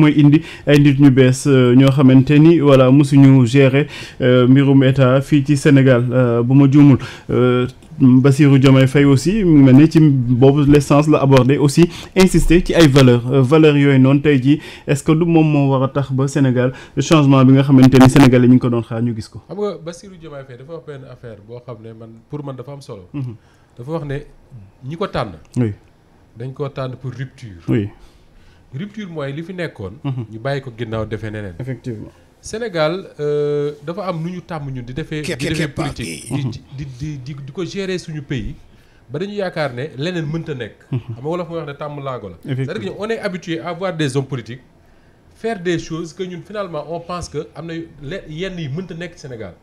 mooy indi ay nit ñu bees euh, ñoo xamante ni voilà mosuñu gérer euh, mbirum état fii ci Sénégal euh, bu ma juumul Bassirou Diomaye fay aussi mu mel ne ci boobu l'essence la aborde aussi insister ci ay valeurs valeurs yooyu noonu tey jii est-ce que du moom moo war a tax ba Sénégal changement bi nga xamante ni sénégalais ñu ngi ko doon xaar ñu gis ko. xam nga Bassirou Diomaye Faye dafa wax benn affaire boo xam ne man pour man dafa am solo. Mhm. dafa wax ne ñi ko tànn. dañ koo tànn pour rupture. rupture mooy li fi nekkoon. Mhm. ñu bàyyi ko ginnaaw defee neneen. effectivement Sénégal euh, dafa am nu ñu tàmm ñu di defee. di defee politique mhm. di di di di ko gérer suñu pays. ba dañu yaakaar ne leneen mënta nekk. Mhm. xam nga wolof mooy wax ne tàmm laago la. c'est-à-dire que on est des hommes politiques faire des choses que ñun finalement on pense que am na yenn yi mënta nekk Sénégal.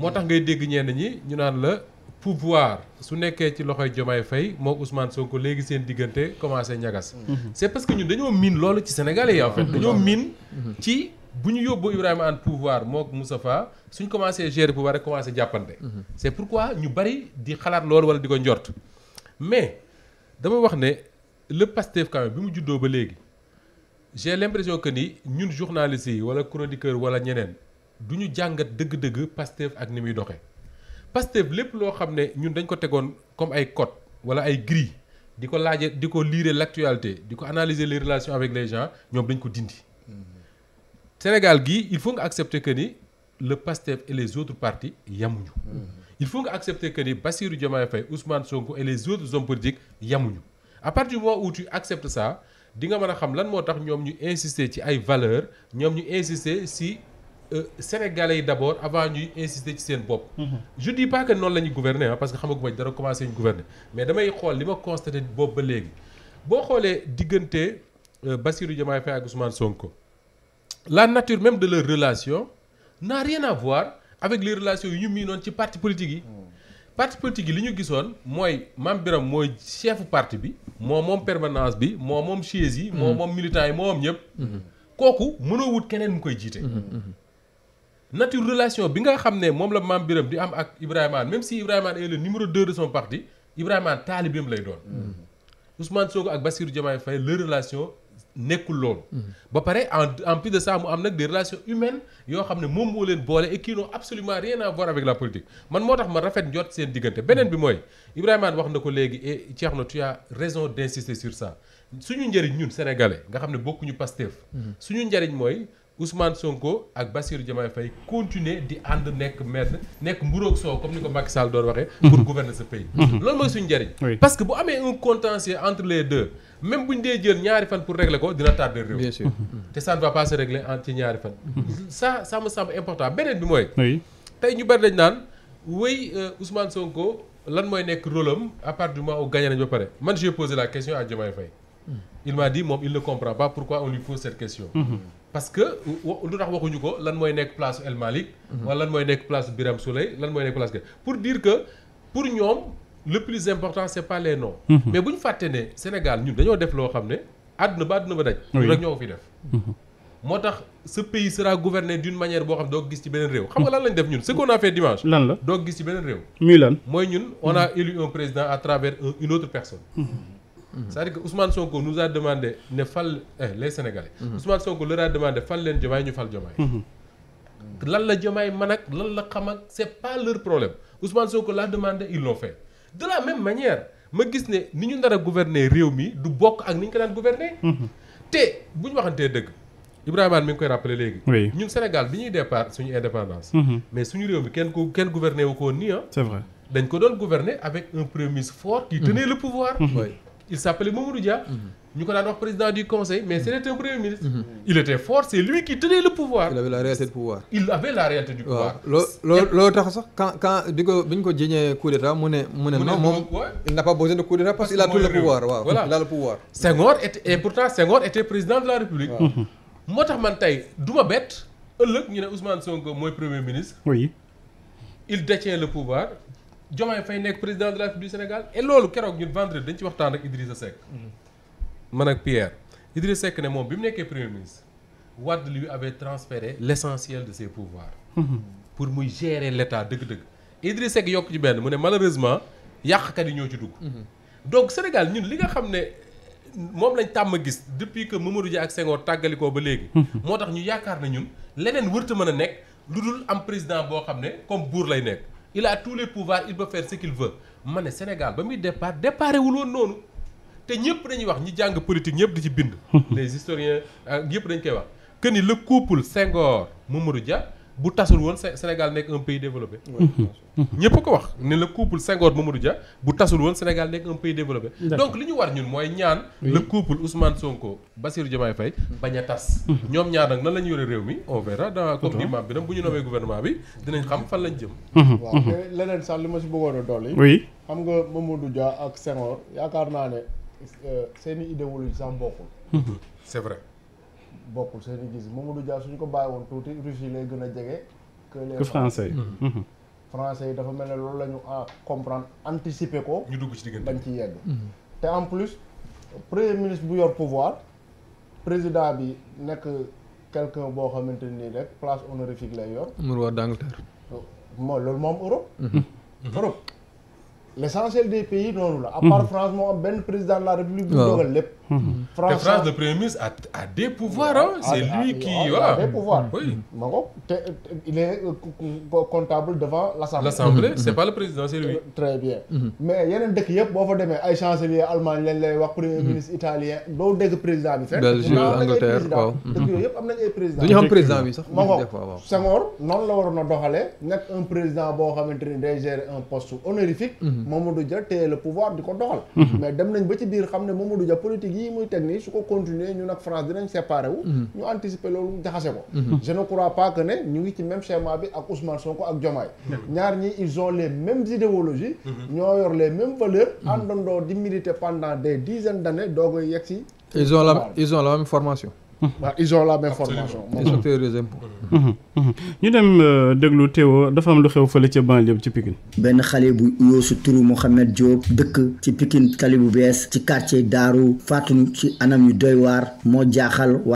moo tax ngay dégg ñenn ñi ñu naan la pouvoir su nekkee ci loxoy Diomaye Faye moo soo ko léegi seen diggante commencé ñagas. Mhm. c'est parce que ñun dañoo miin loolu ci Sénégalais yi en fait. Mhm. dañoo mhm. miin ci bu ñu yóbbu Ibrahima Anne pouvoir moo Moustapha suñ commencé gérer pouvoir rek commencé jàppante. c'est pourquoi ñu bari di xalaat loolu wala di ko njort mais dama wax ne le Pastef quand bi mu juddoo ba léegi j'ai l'impression que ni ñun journalistes yi wala chroniqueur wala ñeneen du ñu jàngat dëgg-dëgg Pastef ak ni muy doxee. Pastef lépp loo xam ne ñun dañ ko tegoon comme ay code wala ay grille di ko laaje di ko lire l'actualité di ko analyser les relation avec les gens ñoom dañ ko dindi Sénégal gii il faut nga accepter que ni le Pastef et les autres partis yamuñu il faut nga accepter que ni Bassirou Diomaye Faye Ousmane Sonko et les autres hommes politiques yamuñu à partir du moment où tu acceptes di nga mën a xam lan moo tax ñoom ñu insister ci ay valeurs ñoom ñu insister si Euh, sénégalais yi d' abord avant ñuy insister ci seen bopp. Mhm. je dis pas que noonu la ñuy gouverner ah parce que xamaguma dara commencé ñu gouverner mais damay xool li ma constaté boobu ba léegi boo xoolee diggante euh, Bassirou Diomaye Faye ak Ousmane Sonko la nature même de leur relation n'a rien à avec les relations yu ñu miinoon ci parti politique yi. Mhm. parti politique yi li ñu gisoon mooy Mame Birame mooy chefu parti bi moo moom permanence bi moo moom chaise yi. moo moom mhm. militant yi moom ñëpp. kooku mënoo wut keneen mu koy jiite. nature relation bi nga xam ne moom la maam Birame di am ak Ibrahima même si Ibrahima est numéro de son parti Ibrahima taalibeem lay doon. Mm-hmm. Ousmane Sonko ak Bassirou Diomaye Faye leur relation nekkul loolu. Mm-hmm. ba pare en en plus de ça mu am nag des relations humaines yoo xam ne moom moo leen boole et qui n'ont absolument rien à avec la politique man moo tax ma rafet njot seen diggante beneen bi mooy Ibrahima wax na ko léegi et Thierno tu as raison d'insister sur ça suñu njëriñ ñun sénégalais nga xam ne bokkuñu Pastef mm-hmm. suñu njëriñ mooy. Ousmane Sonko ak Bassirou Diomaye Faye continuer di ànd nekk maître nekk mburoog soow comme ni ko Macky Sall doon waxee. pour mhm. gouverner ce pays. Mhm. loolu mooy suñu njëriñ. parce que bu amee un contentieux entre les deux même bu ñu dee jël ñaari fan pour régler ko dina tarder réew. bien mhm. te ça va pas se ci ñaari fan. ça ça me semble important beneen bi mooy. tey ñu bari dañ naan wéy euh, Ousmane Sonko lan mooy nekk rôle am à partir du moment où gagné nañ ba pare man j'ai posé la question à Diomaye Mm. il m'a dit moom il ne comprend pas pourquoi on lui pose cette question mm-hmm. parce que lu tax waxuñu ko lan mooy nekk place El Malick mm-hmm. wala lan mooy nekk place Biram Souley lan mooy nekk place pour dire que pour ñoom le plus important c'est pas les noms mm-hmm. mais bu ñu fàtte ne Sénégal ñun dañoo def loo xam ne àdduna ba àdduna ba daj lu rek ñoo ko fi def moo tax ce pays sera gouverné d'une manière boo xam doo gis ci beneen réew xam nga lan lañ def ñun doo gis ci beneen réew muy lan mooy ñun président à travers une autre personne c'est-à-dire que Ousmane Sonko nous a demandé ne fal eh, les Sénégalais. Mhm. Ousmane Sonko leur a demandé fal leen Diomaye ñu fal Diomaye. Mhm. lan la Diomaye man ak lan la xam ak c'est pas leur problème Ousmane Sonko l'a demandé ils l'ont fait de la même manière ma gis ne ni ñu nar a gouverner réew mi du bokk ak ni ñu ko daan gouverner. Mhm. te bu ñu waxantee dëgg. Ibrahima mi ngi koy rappelé léegi. ñun Sénégal bi ñuy départ suñu indépendance. mais suñu réew mi kenn ko kenn gouverner wu ko nii ah. c'est vrai dañ ko il s'appelait Mamadou Dia. Mhm. ñu ko daan wax président du conseil mais mhm. c'était un premier ministre. Mhm. il était fort c'est lui qui tenait la pouvoir. il avait la réalité du pouvoir. waaw loo loo tax sax quand quand di ko bi ñu ko jiiñee coup d'état mu ne. mu ne non moom il n'a pas besoin de coup d'état parce qu'il a tout le pouvoir waaw. voilà il a le était président de la République. moo tax man tey du ma bett ëllëg ñu ne Ousmane Sonko mooy premier ministre. oui il détient le pouvoir. Diomaye fay nekk président de la République du Sénégal et loolu keroog ñun vendredi dañ ci waxtaan ak Idrissa Seck. Mhm. man ak Pierre Idrissa Seck ne moom bi mu nekkee premier ministre Wade lui avait transféré l' essentiel de se pouvoirs. Mhm. pour muy gérer l' état dëgg-dëgg. Idrissa Seck yokk ci benn mu ne malheureusement yàqkat yi ñoo ci dugg. Mhm. donc Sénégal ñun li nga xam ne moom lañ tàmm gis depuis que Mamadou Dia ak Senghor tàggalikoo ba léegi. moo tax ñu yaakaar na ñun leneen wërta mën a nekk lu dul am président boo xam ne comme buur lay nekk. il a tous les pouvoirs il peut faire ce ma ne Sénégal ba muy départ déparé wul woon noonu te ñëpp dañuy wax ñi jàng politique ñëpp di ci bind. les historiens yëpp ah, dañ koy wax que ni le couple Senghor Mamadou Dia. bu tasul woon Sénégal nekk un pays développé. ñëpp ko wax ne la couple Senghor Mamadou Dia bu tasul woon Sénégal nekk un pays développé. donc li ñu war ñun mooy ñaan. le couple Ousmane Sonko Bassirou Diomaye Faye bañ a tas. ñoom ñaar nag nan la ñu yore réew mi on verra dans comme ni maam bi nag bu ñu nommee gouvernement bi dinañ xam fan lañ jëm. Mhm. waaw mhm. leneen sax li ma si bëggoon a dolli. oui xam nga Mamadou Dia ak Senghor yaakaar naa ne euh, seen i idéologie sax bokkul. c'est bokkul seen i gis Mamadou jaar suñu ko bàyyi woon tuuti Russie lay gën a jege. que les français yi mm-hmm. mm-hmm. yi dafa mel ne loolu la ñu ah, comprendre anticiper ko. ñu dugg ci diggante bañ ci yegg. Mm-hmm. te en plus premier ministre bu yor pouvoir président bi nekk quelque boo xamante nii rek place honorifique lay yor. mu war d'Angleterre. Euh, mooy loolu moom am Europe. Europe l'essentiel des pays noonu la. à part France moo am benn président la République. bu dogal lépp. France mm-hmm. te France le premier ministre a a des pouvoirs ah. c'est lui qui voilà. a des te il est euh, comptable devant l'assemblée. l'assemblée mm-hmm. c'est pas le président euh, très bien. Mm-hmm. mais yeneen dëkk yëpp boo fa demee ay chancelier allemand lañ lay wax premier ministre italien doo dégg président bi. fekk Belgique Angleterre am nañ ay président. du ñu xam président bi sax. ma ngoog Senghor noonu la a doxalee nekk boo xamante ni day gérer un poste honorifique. pouvoir di ko doxal. mais dem nañ ba ci biir xam ne Mamadou Dia politique yi lii muy teg nii su ko continuer ñun ak France dinañ séparé wu. Mhm. ñu anticiper loolu jaxase ko. Mhm. je ne crois pas que ne ñu ngi ci même schéma bi ak Ousmane ko ak Diomaye. ñaar ñi ils ont les mêmes idéologies. Mhm. ñoo yor les mêmes valeurs. àndandoo di militer pendant de dizaines d' années doog a yegg si. ison la ils la même formation. waaw ils ont la même formation. ñu dem euh, déglu Théo dafa am lu xew fële ca banlieue ci Pikine. benn xale bu yoosu turu Mohamed Diop dëkk ci Pikine tali bu bees ci quartier Daaru faatuñu ci anam yu doy waar moo jaaxal.